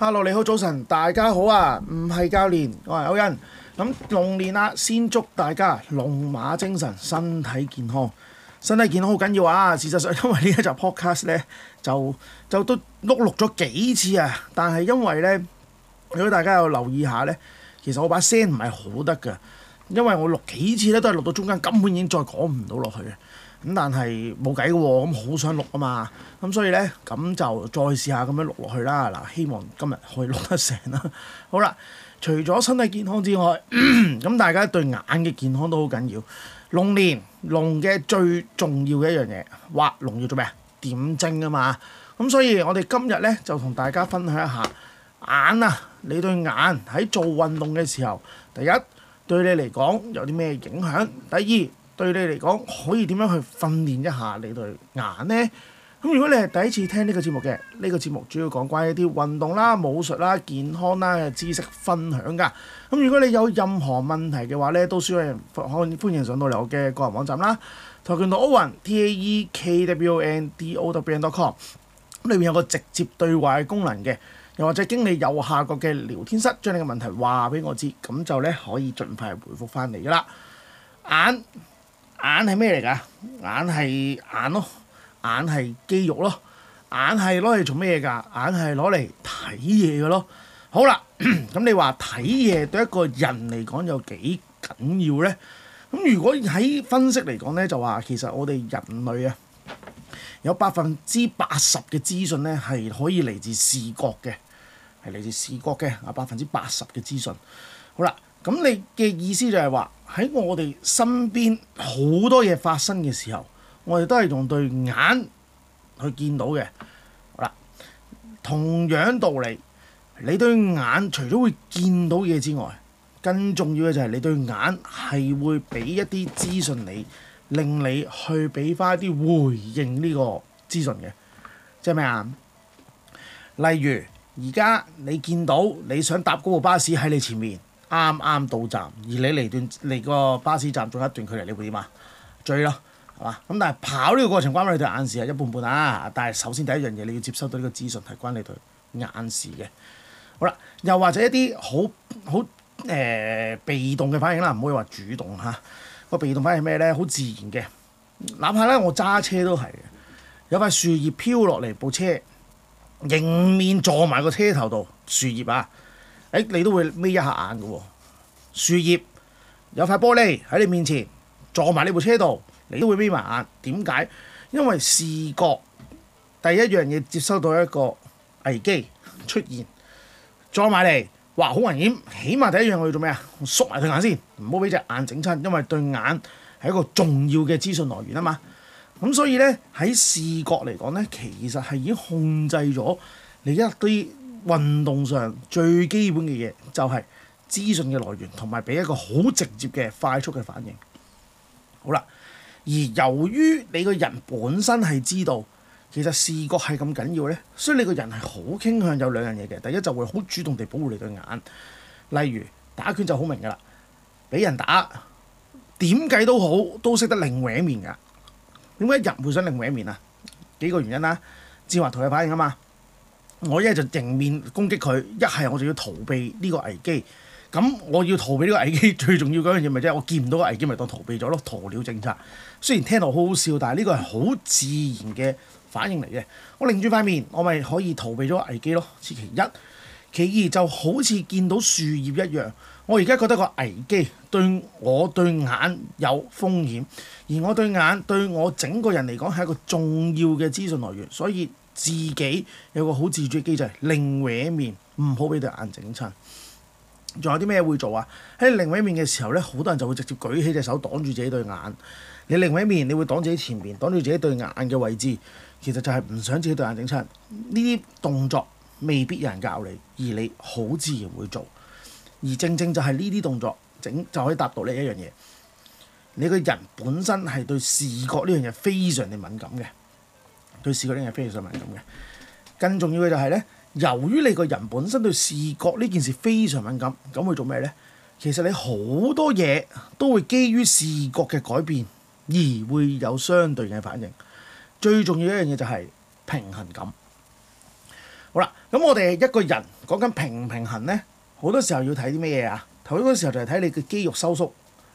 Hello，你好，早晨，大家好啊！唔係教練，我係歐恩。咁龍年啦，先祝大家龍馬精神，身體健康。身體健康好緊要啊！事實上，因為呢一集 podcast 咧，就就都碌碌咗幾次啊，但係因為咧，如果大家有留意下咧，其實我把聲唔係好得㗎，因為我錄幾次咧都係錄到中間，根本已經再講唔到落去啊。咁但係冇計嘅喎，咁好想錄啊嘛，咁所以呢咁就再試下咁樣錄落去啦。嗱，希望今日可以錄得成啦。好啦，除咗身體健康之外，咁大家對眼嘅健康都好緊要。龍年龍嘅最重要嘅一樣嘢，畫龍要做咩？點睛啊嘛。咁所以我哋今日呢就同大家分享一下眼啊，你對眼喺做運動嘅時候，第一對你嚟講有啲咩影響？第二？對你嚟講，可以點樣去訓練一下你對眼呢？咁如果你係第一次聽呢個節目嘅，呢、呢個節目主要講關於啲運動啦、武術啦、健康啦嘅知識分享㗎。咁如果你有任何問題嘅話呢，都需要歡迎上到嚟我嘅個人網站啦，跆拳道歐文 t a e k w o n d o w e n dot com。咁裏面有個直接對話嘅功能嘅，又或者經理右下角嘅聊天室，將你嘅問題話俾我知，咁就咧可以盡快回覆翻嚟㗎啦。眼。眼係咩嚟噶？眼係眼咯，眼係肌肉咯，眼係攞嚟做咩噶？眼係攞嚟睇嘢嘅咯。好啦，咁你話睇嘢對一個人嚟講有幾緊要咧？咁如果喺分析嚟講咧，就話其實我哋人類啊，有百分之八十嘅資訊咧係可以嚟自視覺嘅，係嚟自視覺嘅啊，百分之八十嘅資訊。好啦，咁你嘅意思就係話。喺我哋身邊好多嘢發生嘅時候，我哋都係用對眼去見到嘅。好啦，同樣道理，你對眼除咗會見到嘢之外，更重要嘅就係你對眼係會俾一啲資訊你，令你去俾翻一啲回應呢個資訊嘅。即係咩啊？例如而家你見到你想搭嗰部巴士喺你前面。啱啱到站，而你離段離個巴士站仲有一段距離，你會點啊？追咯，係嘛？咁但係跑呢個過程關你對眼視係一般般啊！但係首先第一樣嘢你要接收到呢個資訊係關你對眼視嘅。好啦，又或者一啲好好誒被動嘅反應啦，唔可以話主動嚇。個被動反應咩咧？好自然嘅，哪怕咧我揸車都係有塊樹葉飄落嚟，部車迎面撞埋個車頭度，樹葉啊！誒你都會眯一下眼嘅喎，樹葉有塊玻璃喺你面前撞埋你部車度，你都會眯埋眼，哦。點解？因為視覺第一樣嘢接收到一個危機出現。再埋嚟，哇好危險！起碼第一樣我要做咩啊？我縮埋對眼先，唔好俾隻眼整親，因為對眼係一個重要嘅資訊來源啊嘛。咁所以呢，喺視覺嚟講呢，其實係已經控制咗你一啲。運動上最基本嘅嘢就係資訊嘅來源同埋俾一個好直接嘅快速嘅反應。好啦，而由於你個人本身係知道其實視覺係咁緊要咧，所以你個人係好傾向有兩樣嘢嘅。第一就會好主動地保護你對眼，例如打拳就好明㗎啦，俾人打點計都好，都識得擰歪面㗎。點解人會想擰歪面啊？幾個原因啊？接話頭嘅反應啊嘛。我一係就迎面攻擊佢，一係我就要逃避呢個危機。咁我要逃避呢個危機，最重要嗰樣嘢咪即係我見唔到個危機，咪當逃避咗咯。鴕鳥政策雖然聽落好好笑，但係呢個係好自然嘅反應嚟嘅。我擰轉塊面，我咪可以逃避咗危機咯。此其一，其二就好似見到樹葉一樣，我而家覺得個危機對我對眼有風險，而我對眼對我整個人嚟講係一個重要嘅資訊來源，所以。自己有個好自主嘅機制，就是、另外一面唔好俾對眼整親。仲有啲咩會做啊？喺另外一面嘅時候呢，好多人就會直接舉起隻手擋住自己對眼。你另外一面，你會擋自己前面，擋住自己對眼嘅位置。其實就係唔想自己對眼整親。呢啲動作未必有人教你，而你好自然會做。而正正就係呢啲動作，整就可以達到呢一樣嘢。你個人本身係對視覺呢樣嘢非常之敏感嘅。對視覺呢係非常敏感嘅，更重要嘅就係咧，由於你個人本身對視覺呢件事非常敏感，咁會做咩咧？其實你好多嘢都會基於視覺嘅改變而會有相對嘅反應。最重要一樣嘢就係平衡感。好啦，咁我哋一個人講緊平唔平衡咧，好多時候要睇啲咩嘢啊？頭先嗰時候就係睇你嘅肌肉收縮，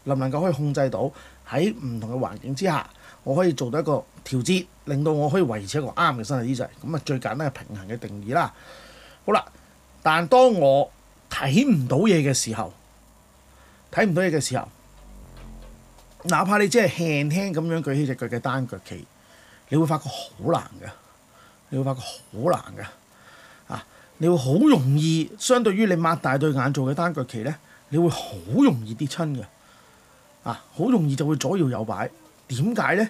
能唔能夠可以控制到喺唔同嘅環境之下，我可以做到一個。調節令到我可以維持一個啱嘅身體姿勢，咁啊最簡單係平衡嘅定義啦。好啦，但當我睇唔到嘢嘅時候，睇唔到嘢嘅時候，哪怕你只係輕輕咁樣舉起隻腳嘅單腳企，你會發覺好難嘅，你會發覺好難嘅啊！你會好容易，相對於你擘大對眼做嘅單腳企咧，你會好容易跌親嘅啊！好容易就會左搖右右擺，點解咧？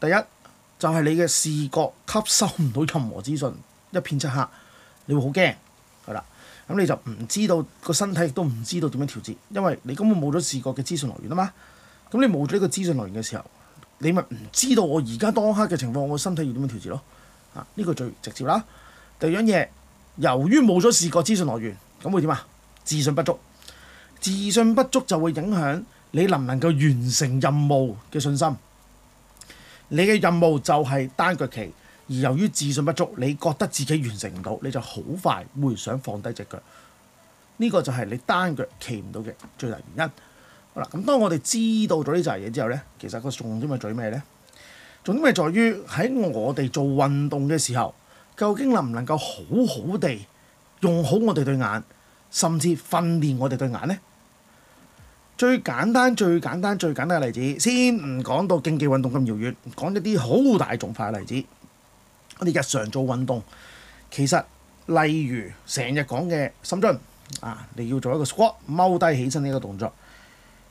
第一就係你嘅視覺吸收唔到任何資訊，一片漆黑，你會好驚，係啦。咁你就唔知道個身體亦都唔知道點樣調節，因為你根本冇咗視覺嘅資訊來源啊嘛。咁你冇咗呢個資訊來源嘅時候，你咪唔知道我而家當刻嘅情況，我身體要點樣調節咯。啊，呢個最直接啦。第二樣嘢，由於冇咗視覺資訊來源，咁會點啊？自信不足，自信不足就會影響你能唔能夠完成任務嘅信心。你嘅任務就係單腳企，而由於自信不足，你覺得自己完成唔到，你就好快會想放低隻腳。呢、這個就係你單腳企唔到嘅最大原因。好啦，咁當我哋知道咗呢隻嘢之後呢，其實個重點係做咩呢？重點係在於喺我哋做運動嘅時候，究竟能唔能夠好好地用好我哋對眼，甚至訓練我哋對眼呢？最簡單、最簡單、最簡單嘅例子，先唔講到競技運動咁遙遠，講一啲好大眾化嘅例子。我哋日常做運動，其實例如成日講嘅深蹲，啊，你要做一個 squat，踎低起身呢個動作，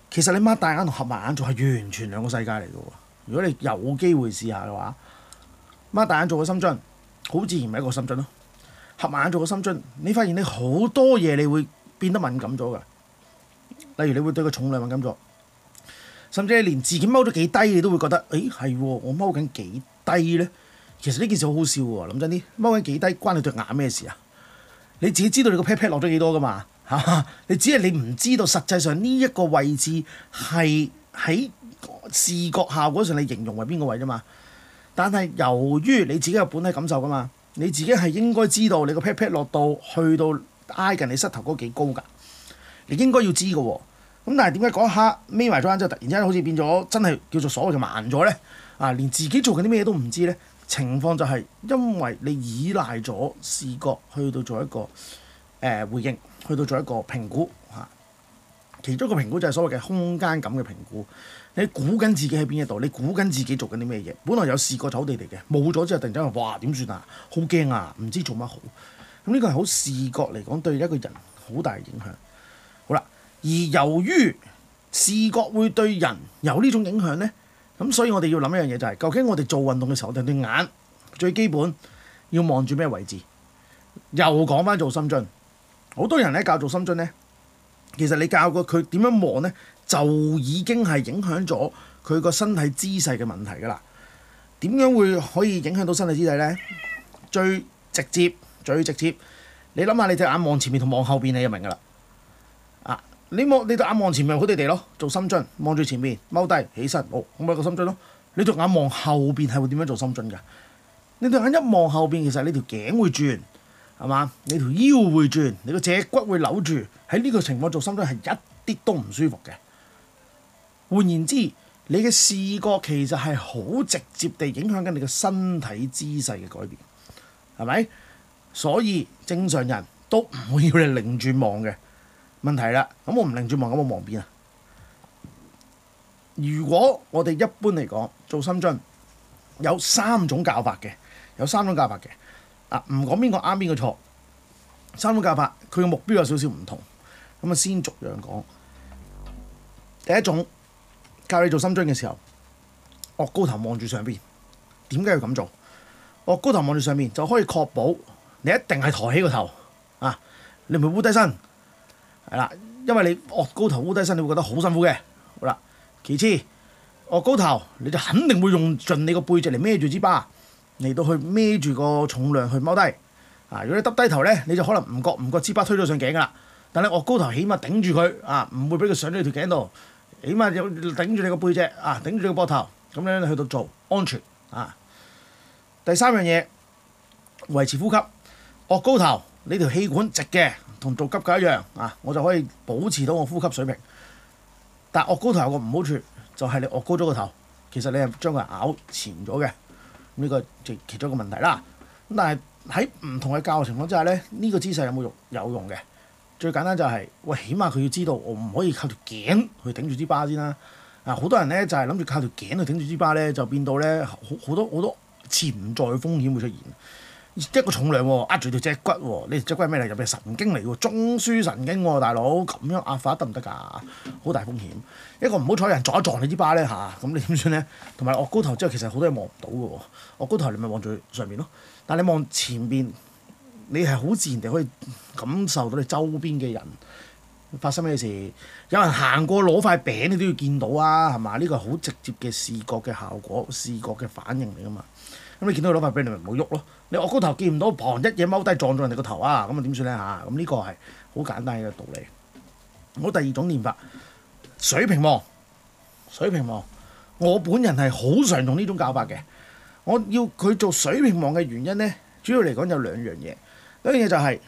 其實你擘大眼同合埋眼做係完全兩個世界嚟嘅喎。如果你有機會試下嘅話，擘大眼做嘅深蹲，好自然係一個深蹲咯。合埋眼做嘅深蹲，你發現你好多嘢你會變得敏感咗㗎。例如你會對個重量敏感咗，甚至係連自己踎咗幾低，你都會覺得，誒、哎、係我踎緊幾低咧？其實呢件事好好笑喎！諗真啲，踎緊幾低關你對眼咩事啊？你自己知道你個 pat pat 落咗幾多噶嘛、啊？你只係你唔知道實際上呢一個位置係喺視覺效果上你形容為邊個位啫嘛？但係由於你自己有本體感受噶嘛，你自己係應該知道你個 pat pat 落到去到挨近你膝頭哥幾高㗎。你應該要知嘅喎、哦，咁但係點解嗰一刻眯埋咗眼之後，突然之間好似變咗真係叫做所謂嘅盲咗咧？啊，連自己做緊啲咩都唔知咧。情況就係因為你依賴咗視覺去到做一個誒、呃、回應，去到做一個評估嚇、啊。其中一個評估就係所謂嘅空間感嘅評估，你估緊自己喺邊一度，你估緊自己做緊啲咩嘢。本來有視覺走地地嘅，冇咗之後突然之間話哇，點算啊？好驚啊！唔知做乜好，咁呢個係好視覺嚟講對一個人好大嘅影響。而由於視覺會對人有呢種影響呢，咁所以我哋要諗一樣嘢就係，究竟我哋做運動嘅時候，對對眼最基本要望住咩位置？又講翻做深蹲，好多人咧教做深蹲呢，其實你教過佢點樣望呢，就已經係影響咗佢個身體姿勢嘅問題噶啦。點樣會可以影響到身體姿勢呢？最直接、最直接，你諗下你隻眼望前面同望後邊，你就明噶啦。你望你對眼望前面好地地咯，做深蹲望住前面踎低起身，好、哦、咁、那、咪個深蹲咯。你對眼望後邊係會點樣做深蹲噶？你對眼一望後邊，其實你條頸會轉，係嘛？你條腰會轉，你個脊骨會扭住。喺呢個情況做深蹲係一啲都唔舒服嘅。換言之，你嘅視覺其實係好直接地影響緊你嘅身體姿勢嘅改變，係咪？所以正常人都唔會要你擰住望嘅。問題啦，咁我唔擰住望，咁我望邊啊？如果我哋一般嚟講做深蹲，有三種教法嘅，有三種教法嘅，啊，唔講邊個啱邊個錯，三種教法佢嘅目標有少少唔同，咁我先逐樣講。第一種教你做深蹲嘅時候，我高頭望住上邊，點解要咁做？我高頭望住上面，就可以確保你一定係抬起個頭啊，你唔係屈低身。係啦，因為你卧高頭烏低身，你會覺得好辛苦嘅。好啦，其次卧高頭你就肯定會用盡你個背脊嚟孭住支巴，嚟到去孭住個重量去踎低。啊，如果你耷低頭咧，你就可能唔覺唔覺支巴推咗上頸噶啦。但係卧高頭起、啊，起碼頂住佢啊，唔會俾佢上咗條頸度。起碼有頂住你個背脊啊，頂住你個膊頭，咁樣去到做安全啊。第三樣嘢維持呼吸，卧高頭你條氣管直嘅。同做急救一樣啊，我就可以保持到我呼吸水平。但係惡高頭有個唔好處，就係你惡高咗個頭，其實你係將佢咬前咗嘅。呢個就其中一個問題啦。咁但係喺唔同嘅教學情況之下咧，呢個姿勢有冇用？有用嘅。最簡單就係，喂，起碼佢要知道我唔可以靠條頸去頂住支巴先啦。啊，好多人咧就係諗住靠條頸去頂住支巴咧，就變到咧好好多好多潛在風險會出現。一個重量喎，壓住條脊骨喎，你條脊骨係咩嚟？入邊神經嚟喎，中樞神經喎，大佬咁樣壓法得唔得㗎？好大風險，一個唔好彩人撞一撞你依巴咧嚇，咁、啊、你點算咧？同埋臥高頭之後，其實好多嘢望唔到嘅喎，臥高頭你咪望住上面咯，但係你望前邊，你係好自然地可以感受到你周邊嘅人發生咩事，有人行過攞塊餅，你都要見到啊，係嘛？呢、這個好直接嘅視覺嘅效果，視覺嘅反應嚟㗎嘛。咁你見到佢攞塊俾你咪唔好喐咯。你我高頭見唔到旁一嘢踎低撞咗人哋個頭啊！咁啊點算咧吓，咁呢個係好簡單嘅道理。好，第二種練法，水平望、水平望，我本人係好常用呢種教法嘅。我要佢做水平望嘅原因咧，主要嚟講有兩樣嘢。第一樣嘢就係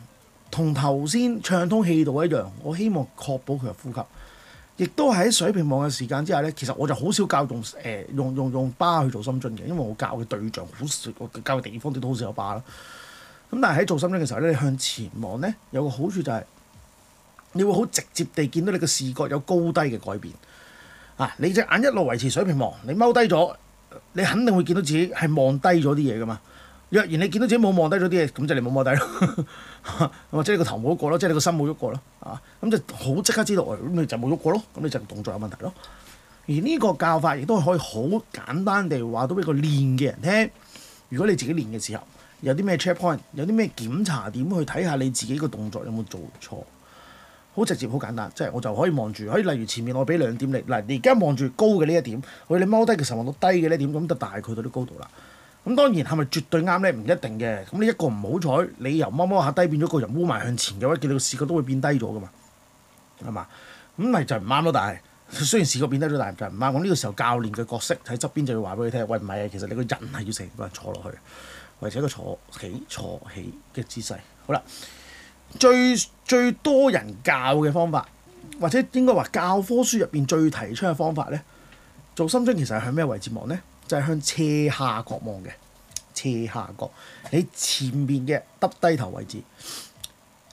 同頭先暢通氣道一樣，我希望確保佢嘅呼吸。亦都喺水平望嘅時間之下咧，其實我就好少教用誒、呃、用用用巴去做深蹲嘅，因為我教嘅對象好少，我教嘅地方亦都好少有巴啦。咁但係喺做深蹲嘅時候咧，你向前望咧，有個好處就係、是、你會好直接地見到你嘅視覺有高低嘅改變。啊！你隻眼一路維持水平望，你踎低咗，你肯定會見到自己係望低咗啲嘢㗎嘛。若然你見到自己冇望低咗啲嘢，咁就 即你冇望低咯，或者你個頭冇喐過咯，即係你個身冇喐過咯，啊，咁就好即刻知道，哦，咁你就冇喐過咯，咁你就動作有問題咯。而呢個教法亦都可以好簡單地話到俾個練嘅人聽。如果你自己練嘅時候有啲咩 check point，有啲咩檢查點去睇下你自己個動作有冇做錯，好直接好簡單。即係我就可以望住，可以例如前面我俾兩點力，嗱，你而家望住高嘅呢一點，我你踎低嘅時候望到低嘅呢點，咁就大概到啲高度啦。咁當然係咪絕對啱咧？唔一定嘅。咁你一個唔好彩，你由踎踎下低變咗個人污埋向前嘅話，見到個視覺都會變低咗噶嘛，係嘛？咁、嗯、咪就唔啱咯。但係雖然視覺變低咗，但係就唔啱。咁呢個時候教練嘅角色喺側邊就要話俾佢聽，喂，唔係啊，其實你個人係要成個人坐落去，或者個坐起坐起嘅姿勢。好啦，最最多人教嘅方法，或者應該話教科書入邊最提倡嘅方法咧，做深蹲其實係向咩位置望咧？就係向斜下角望嘅，斜下角。你前面嘅耷低頭位置，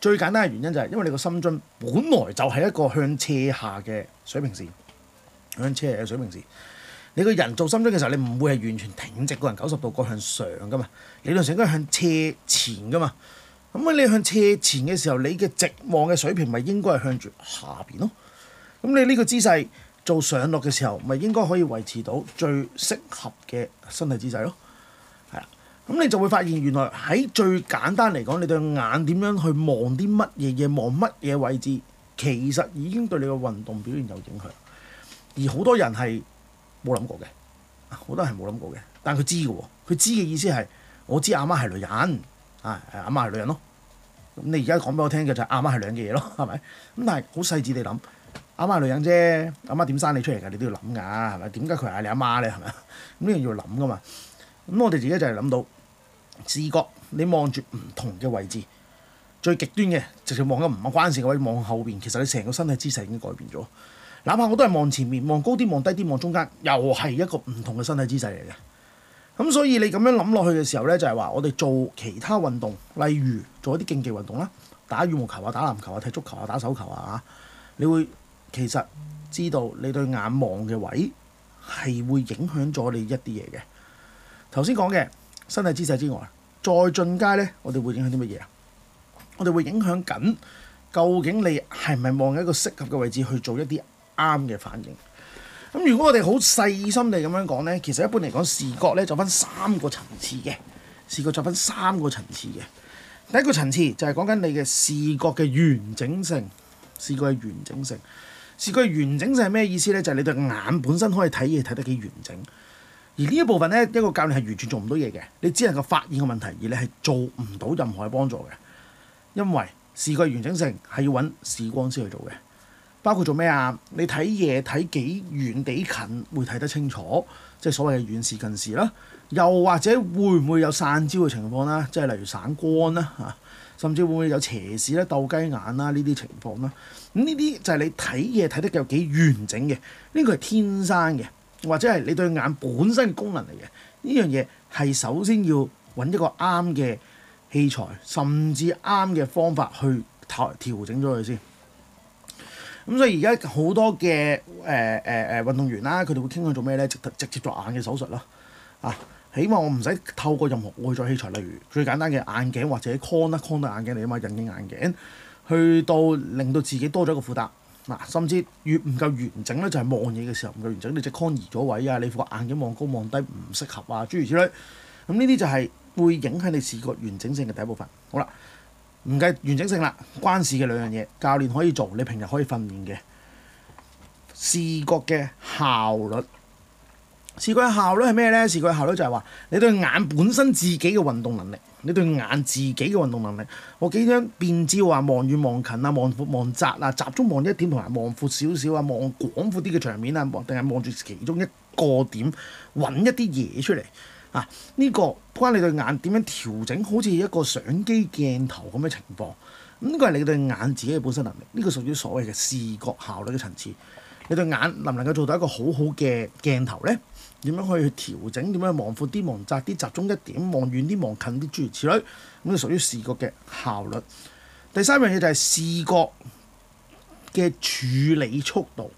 最簡單嘅原因就係因為你個深蹲本來就係一個向斜下嘅水平線，向斜嘅水平線。你個人做深蹲嘅時候，你唔會係完全挺直個人九十度個向上噶嘛，理論上應該向斜前噶嘛。咁啊，你向斜前嘅時候，你嘅直望嘅水平咪應該係向住下邊咯。咁你呢個姿勢，做上落嘅時候，咪應該可以維持到最適合嘅身體姿勢咯。係啦，咁你就會發現原來喺最簡單嚟講，你對眼點樣去望啲乜嘢嘢，望乜嘢位置，其實已經對你嘅運動表現有影響。而好多人係冇諗過嘅，好多人係冇諗過嘅。但佢知嘅喎，佢知嘅意思係我知阿媽係女人，啊阿媽係女人咯。咁你而家講俾我聽嘅就係阿媽係女人嘅嘢咯，係咪？咁但係好細緻地諗。打下、啊、女人啫，阿媽點生你出嚟㗎？你都要諗㗎，係咪？點解佢嗌你阿媽咧？係咪？咁呢樣要諗㗎嘛。咁我哋自己就係諗到視覺，你望住唔同嘅位置，最極端嘅，直情望緊唔關事嘅位，望後邊，其實你成個身體姿勢已經改變咗。哪怕我都係望前面，望高啲，望低啲，望中間，又係一個唔同嘅身體姿勢嚟嘅。咁所以你咁樣諗落去嘅時候咧，就係、是、話我哋做其他運動，例如做一啲競技運動啦，打羽毛球啊，打籃球啊，踢足球啊，打手球啊，你會。其實知道你對眼望嘅位係會影響咗你一啲嘢嘅。頭先講嘅身體姿勢之外，再進階呢，我哋會影響啲乜嘢啊？我哋會影響緊究竟你係咪望喺一個適合嘅位置去做一啲啱嘅反應。咁如果我哋好細心地咁樣講呢，其實一般嚟講，視覺呢，就分三個層次嘅。視覺就分三個層次嘅。第一個層次就係講緊你嘅視覺嘅完整性，視覺嘅完整性。視覺完整性係咩意思呢？就係、是、你對眼本身可以睇嘢睇得幾完整，而呢一部分呢，一個教練係完全做唔到嘢嘅。你只能夠發現個問題，而你係做唔到任何嘅幫助嘅。因為視覺完整性係要揾視光師去做嘅，包括做咩啊？你睇嘢睇幾遠、幾近會睇得清楚，即係所謂嘅遠視、近視啦，又或者會唔會有散焦嘅情況啦？即係例如散光啦，嚇、啊。甚至會唔會有斜視咧、鬥雞眼啦呢啲情況啦，咁呢啲就係你睇嘢睇得有幾完整嘅，呢個係天生嘅，或者係你對眼本身功能嚟嘅。呢樣嘢係首先要揾一個啱嘅器材，甚至啱嘅方法去調調整咗佢先。咁、嗯、所以而家好多嘅誒誒誒運動員啦，佢哋會傾向做咩咧？直接直接做眼嘅手術咯，啊！起碼我唔使透過任何外在器材，例如最簡單嘅眼鏡或者 Con 得 Con 眼鏡嚟啊嘛，隱形眼鏡去到令到自己多咗一個負擔嗱，甚至越唔夠完整咧就係望嘢嘅時候唔夠完整，你隻 Con 移咗位啊，你副眼鏡望高望低唔適合啊，諸如此類。咁呢啲就係會影響你視覺完整性嘅第一部分。好啦，唔計完整性啦，關事嘅兩樣嘢，教練可以做，你平日可以訓練嘅視覺嘅效率。視覺效率係咩咧？視覺效率就係話你對眼本身自己嘅運動能力，你對眼自己嘅運動能力，我幾張變照話望遠望近啊，望闊望窄啊，集中望一點同埋望闊少少啊，望廣闊啲嘅場面啊，定係望住其中一個點揾一啲嘢出嚟啊！呢個關你對眼點樣調整，好似一個相機鏡頭咁嘅情況。咁呢個係你對眼自己嘅本身能力，呢個屬於所謂嘅視覺效率嘅層次。你對眼能唔能夠做到一個好好嘅鏡頭呢？點樣去調整？點樣望闊啲、望窄啲、集中一點、望遠啲、望近啲，諸如此類咁，就屬於視覺嘅效率。第三樣嘢就係視覺嘅處理速度。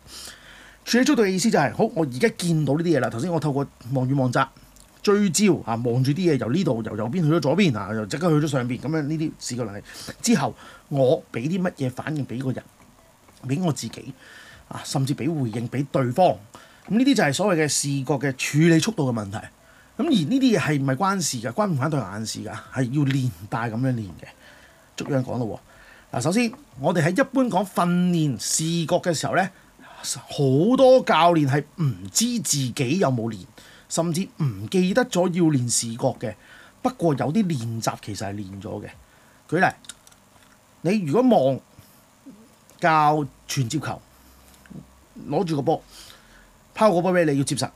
處理速度嘅意思就係好，我而家見到呢啲嘢啦。頭先我透過望遠、望窄、追焦啊，望住啲嘢由呢度由右邊去咗左邊啊，又即刻去咗上邊咁樣，呢啲視覺能力之後，我俾啲乜嘢反應俾個人，俾我自己。甚至俾回應俾對方，咁呢啲就係所謂嘅視覺嘅處理速度嘅問題。咁而呢啲嘢係唔係關事嘅，關唔關對眼事㗎？係要連帶咁樣練嘅。逐樣講到喎。嗱，首先我哋喺一般講訓練視覺嘅時候呢，好多教練係唔知自己有冇練，甚至唔記得咗要練視覺嘅。不過有啲練習其實係練咗嘅。舉例，你如果望教傳接球。攞住個波，拋個波俾你，要接實。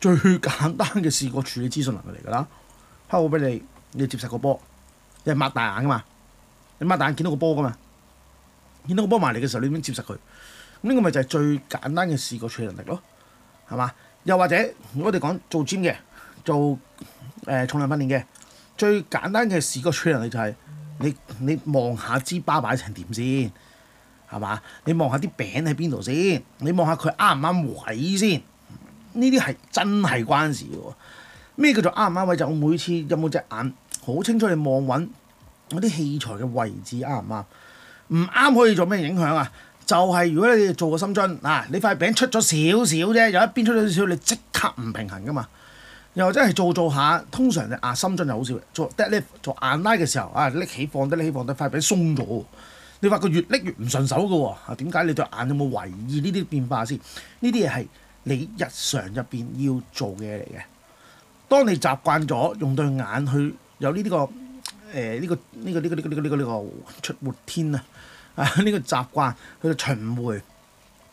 最簡單嘅視覺處理資訊能力嚟㗎啦。拋個俾你，你接實個波。你係擘大眼㗎嘛？你擘大眼見到個波㗎嘛？見到個波埋嚟嘅時候，你點樣接實佢？呢個咪就係最簡單嘅視覺處理能力咯，係嘛？又或者如果我哋講做 gym 嘅，做誒重量訓練嘅，最簡單嘅視覺處理能力就係你你望下支巴擺成點先。係嘛？你望下啲餅喺邊度先？你望下佢啱唔啱位先？呢、嗯、啲係真係關事喎。咩叫做啱唔啱位？就是、我每次有冇隻眼好清楚你望揾嗰啲器材嘅位置啱唔啱？唔啱可以做咩影響啊？就係、是、如果你做個深蹲啊，你塊餅出咗少少啫，又一邊出咗少少，你即刻唔平衡噶嘛。又或者係做做下，通常你啊深蹲就好少做 dead lift 做硬拉嘅時候啊，拎起放低拎起放低塊餅鬆咗。你話佢越拎越唔順手嘅喎、啊，點解？你對眼有冇懷疑呢啲變化先？呢啲嘢係你日常入邊要做嘅嘢嚟嘅。當你習慣咗用對眼去有呢、呢、啲個誒呢、呃呢個呢、呢個呢、呢個呢、呢個呢、呢個呢、呢個呢、呢個出活天啊啊呢、呢個習慣去，巡迴去有有到循回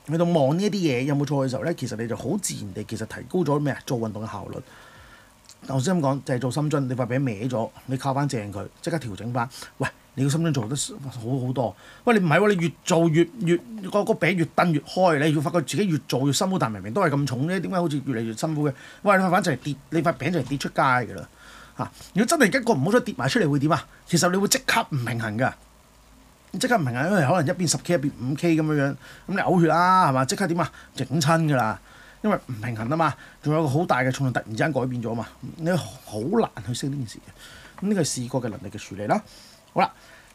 去到望呢一啲嘢有冇錯嘅時候咧，其實你就好自然地其實提高咗咩啊？做運動嘅效率。頭先咁講製做心樽，你話俾佢歪咗，你靠翻正佢，即刻調整翻，喂！你個心經做得好好多，喂，你唔係喎，你越做越越個、個個餅越掟越開，你要發覺自己越做越辛苦，但明明都係咁重咧，點解好似越嚟越辛苦嘅？喂，你反就係跌，你塊餅就係跌出街㗎啦吓，如果真係一個唔好再跌埋出嚟會點啊？其實你會即刻唔平衡㗎，即刻唔平衡，因為可能一邊十 K 一邊五 K 咁樣樣，咁你嘔血啦係嘛？即刻點啊？整親㗎啦，因為唔平衡啊嘛，仲有個好大嘅重量突然之間改變咗啊嘛，你好難去識呢件事嘅。咁呢個係視覺嘅能力嘅處理啦。好啦，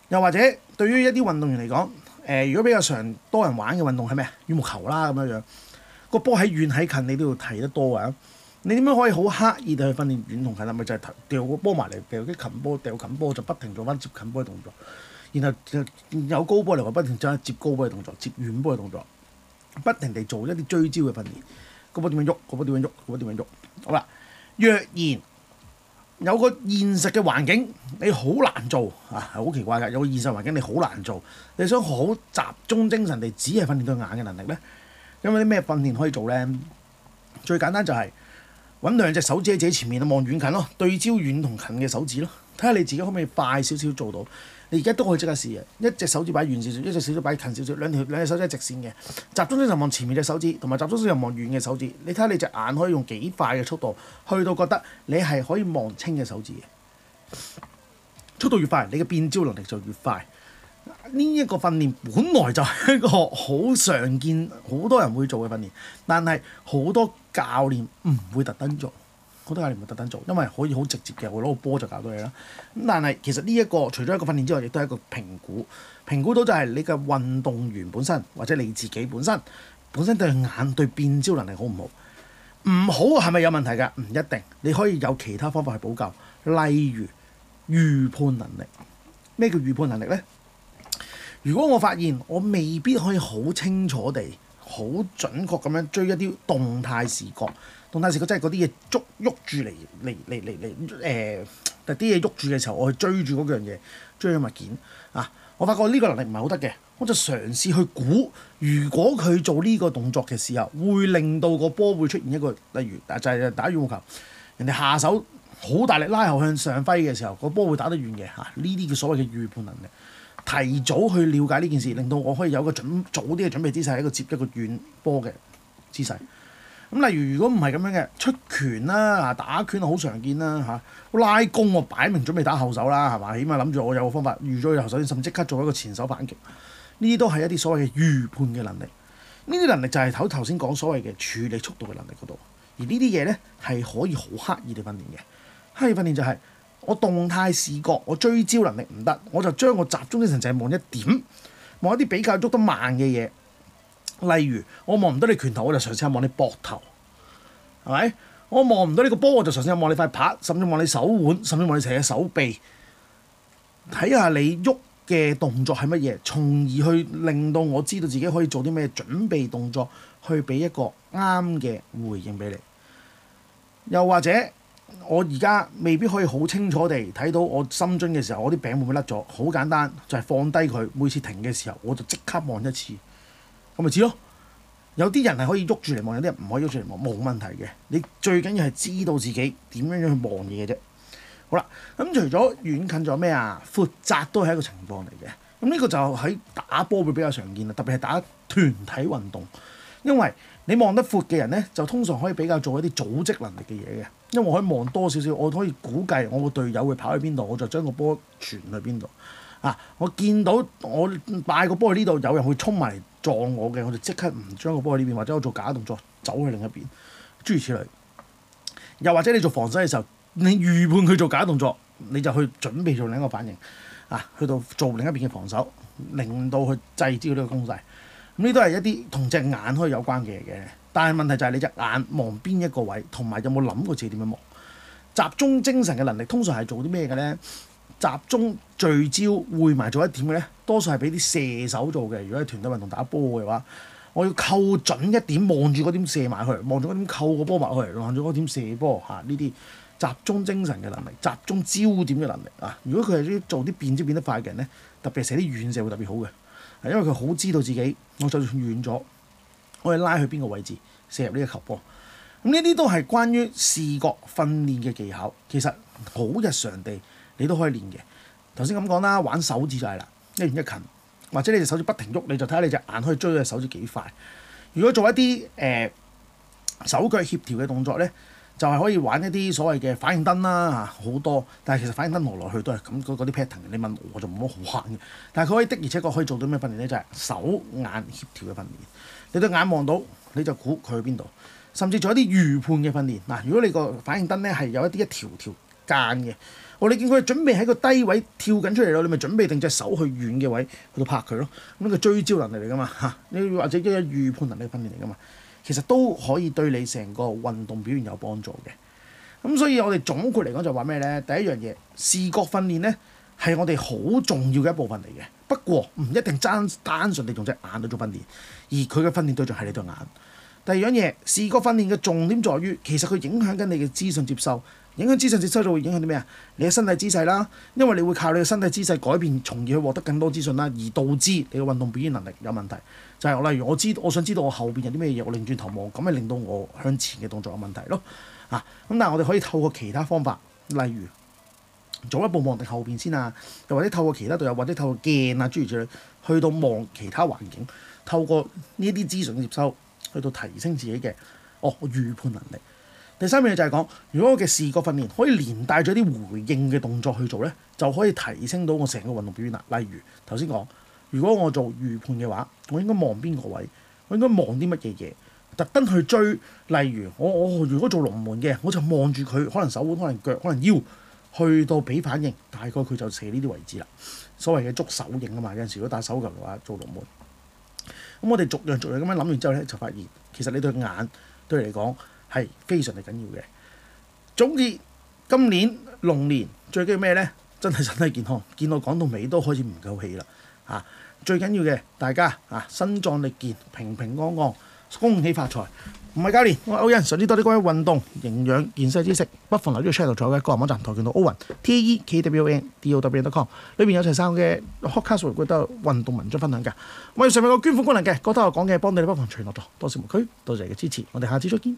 又或者對於一啲運動員嚟講，誒、呃、如果比較常多人玩嘅運動係咩啊？羽毛球啦咁樣樣，個波喺遠喺近，你都要睇得多啊！你點樣可以好刻意地去訓練遠同近啦？咪就係、是、掉個波埋嚟，掉啲近波，掉近波就不停做翻接近波嘅動作，然後有高波嚟話不停做接高波嘅動作，接遠波嘅動作，不停地做一啲追焦嘅訓練。個波點樣喐？個波點樣喐？個波點樣喐？好啦，若然。有個現實嘅環境，你好難做啊，好奇怪嘅。有個現實環境，你好難做。你想好集中精神地，只係訓練對眼嘅能力呢？因為啲咩訓練可以做呢？最簡單就係揾兩隻手指喺前面，望遠近咯，對焦遠同近嘅手指咯，睇下你自己可唔可以快少少做到。你而家都可以即刻試嘅。一隻手指擺遠少少，一隻手指擺近少少，兩條兩隻手指係直線嘅，集中精神望前面隻手指，同埋集中精神望遠嘅手指。你睇下你隻眼可以用幾快嘅速度去到覺得你係可以望清嘅手指嘅，速度越快，你嘅變焦能力就越快。呢一個訓練本來就係一個好常見，好多人會做嘅訓練，但係好多教練唔會特登做。好多人唔會特登做，因為可以好直接嘅，我攞個波就搞到你啦。咁但係其實呢一個除咗一個訓練之外，亦都係一個評估。評估到就係你嘅運動員本身，或者你自己本身，本身對眼對變焦能力好唔好？唔好係咪有問題㗎？唔一定，你可以有其他方法去補救。例如預判能力，咩叫預判能力呢？如果我發現我未必可以好清楚地、好準確咁樣追一啲動態視覺。時動態視覺真係嗰啲嘢捉喐住嚟嚟嚟嚟嚟誒，啲嘢喐住嘅時候，我去追住嗰樣嘢，追住物件啊！我發覺呢個能力唔係好得嘅，我就嘗試去估，如果佢做呢個動作嘅時候，會令到個波會出現一個，例如、啊、就係、是、打羽毛球，人哋下手好大力拉後向上揮嘅時候，個波會打得遠嘅嚇。呢啲嘅所謂嘅預判能力，提早去了解呢件事，令到我可以有個準早啲嘅準備姿勢，係一個接一個遠波嘅姿勢。咁例如如果唔係咁樣嘅出拳啦、啊，打拳好常見啦嚇，拉弓我、啊、擺明準備打後手啦、啊，係嘛？起碼諗住我有個方法預咗佢後手，甚至即刻做一個前手反擊。呢啲都係一啲所謂嘅預判嘅能力。呢啲能力就係頭頭先講所謂嘅處理速度嘅能力嗰度。而呢啲嘢咧係可以好刻意地訓練嘅。刻意訓練就係、是、我動態視覺，我追焦能力唔得，我就將我集中精神就係望一點，望一啲比較捉得慢嘅嘢。例如，我望唔到你拳頭，我就嘗試望你膊頭，係咪？我望唔到你個波，我就嘗試望你塊拍，甚至望你手腕，甚至望你成隻手臂，睇下你喐嘅動作係乜嘢，從而去令到我知道自己可以做啲咩準備動作，去俾一個啱嘅回應俾你。又或者，我而家未必可以好清楚地睇到我深蹲嘅時候，我啲餅會唔會甩咗？好簡單，就係放低佢，每次停嘅時候，我就即刻望一次。咁咪知咯？有啲人係可以喐住嚟望，有啲人唔可以喐住嚟望，冇問題嘅。你最緊要係知道自己點樣樣去望嘢嘅啫。好啦，咁、嗯、除咗遠近，仲有咩啊？闊窄都係一個情況嚟嘅。咁、嗯、呢、這個就喺打波會比較常見啦，特別係打團體運動。因為你望得闊嘅人咧，就通常可以比較做一啲組織能力嘅嘢嘅，因為我可以望多少少，我可以估計我個隊友會跑去邊度，我就將個波傳去邊度啊。我見到我擺個波喺呢度，有人會衝埋嚟。撞我嘅，我就即刻唔將個波喺呢邊，或者我做假動作走去另一邊，諸如此類。又或者你做防守嘅時候，你預判佢做假動作，你就去準備做另一個反應啊，去到做另一邊嘅防守，令到去制止呢個攻勢。咁、嗯、呢都係一啲同隻眼可以有關嘅嘢嘅，但係問題就係你隻眼望邊一個位，同埋有冇諗過自己點樣望，集中精神嘅能力通常係做啲咩嘅咧？集中聚焦，匯埋咗一點嘅咧，多數係俾啲射手做嘅。如果喺團隊運動打波嘅話，我要扣準一點，望住嗰點射埋去，望住嗰點扣個波埋去，望住嗰點射波嚇。呢、啊、啲集中精神嘅能力，集中焦點嘅能力啊。如果佢係啲做啲變焦變得快嘅人咧，特別係射啲遠射會特別好嘅，因為佢好知道自己，我就算遠咗，我哋拉去邊個位置射入呢一球波。咁呢啲都係關於視覺訓練嘅技巧，其實好日常地。你都可以練嘅。頭先咁講啦，玩手指就係啦，一遠一近，或者你隻手指不停喐，你就睇下你隻眼可以追嘅手指幾快。如果做一啲誒、呃、手腳協調嘅動作咧，就係可以玩一啲所謂嘅反應燈啦，好多。但係其實反應燈來來去都係咁嗰啲 pattern 你問我，我就唔好玩嘅，但係佢可以的而且確可以做到咩訓練咧？就係、係、手眼協調嘅訓練。你對眼望到你就估佢去邊度，甚至做一啲預判嘅訓練嗱。如果你個反應燈咧係有一啲一條條間嘅。我哋見佢準備喺個低位跳緊出嚟咯，你咪準備定隻手去遠嘅位去到拍佢咯。咁佢追焦能力嚟噶嘛，嚇！你或者一預判能力訓練嚟噶嘛，其實都可以對你成個運動表現有幫助嘅。咁所以我哋總括嚟講就話咩咧？第一樣嘢視覺訓練咧係我哋好重要嘅一部分嚟嘅，不過唔一定單單純地用隻眼去做訓練，而佢嘅訓練對象係你對眼。第二樣嘢視覺訓練嘅重點在於，其實佢影響緊你嘅資訊接收。影響資訊接收就會影響啲咩啊？你嘅身體姿勢啦，因為你會靠你嘅身體姿勢改變，從而去獲得更多資訊啦，而導致你嘅運動表現能力有問題。就係我，例如我知我想知道我後邊有啲咩嘢，我擰轉頭望，咁咪令到我向前嘅動作有問題咯。啊，咁但係我哋可以透過其他方法，例如早一步望定後邊先啊，又或者透過其他隊友，或者透過鏡啊諸如此類，去到望其他環境，透過呢啲資訊嘅接收去到提升自己嘅哦預判能力。第三樣嘢就係講，如果我嘅視覺訓練可以連帶咗啲回應嘅動作去做呢，就可以提升到我成個運動表現啦。例如頭先講，如果我做預判嘅話，我應該望邊個位？我應該望啲乜嘢嘢？特登去追。例如我我如果做龍門嘅，我就望住佢，可能手腕，可能腳，可能腰，去到俾反應，大概佢就射呢啲位置啦。所謂嘅捉手影啊嘛，有陣時如果打手球嘅話，做龍門。咁我哋逐樣逐樣咁樣諗完之後呢，就發現其實你對眼對嚟講，係非常之緊要嘅。總之今年龍年最緊要咩咧？真係身體健康。見到講到尾都開始唔夠氣啦。嚇、啊，最緊要嘅大家嚇、啊、身壯力健，平平安安，恭喜發財。唔係教練，我係歐雲。想知多啲關於運動營養健身知識，不妨留意呢個 channel 嘅個人網站台拳道歐雲 t e k w n d o w n dot com 裏邊有齊三個嘅 hotcast 都運動文章分享㗎。為上面個捐款功能嘅，覺得我講嘅幫你哋，不妨垂落咗，多謝無區，多謝你嘅支持，我哋下次再見。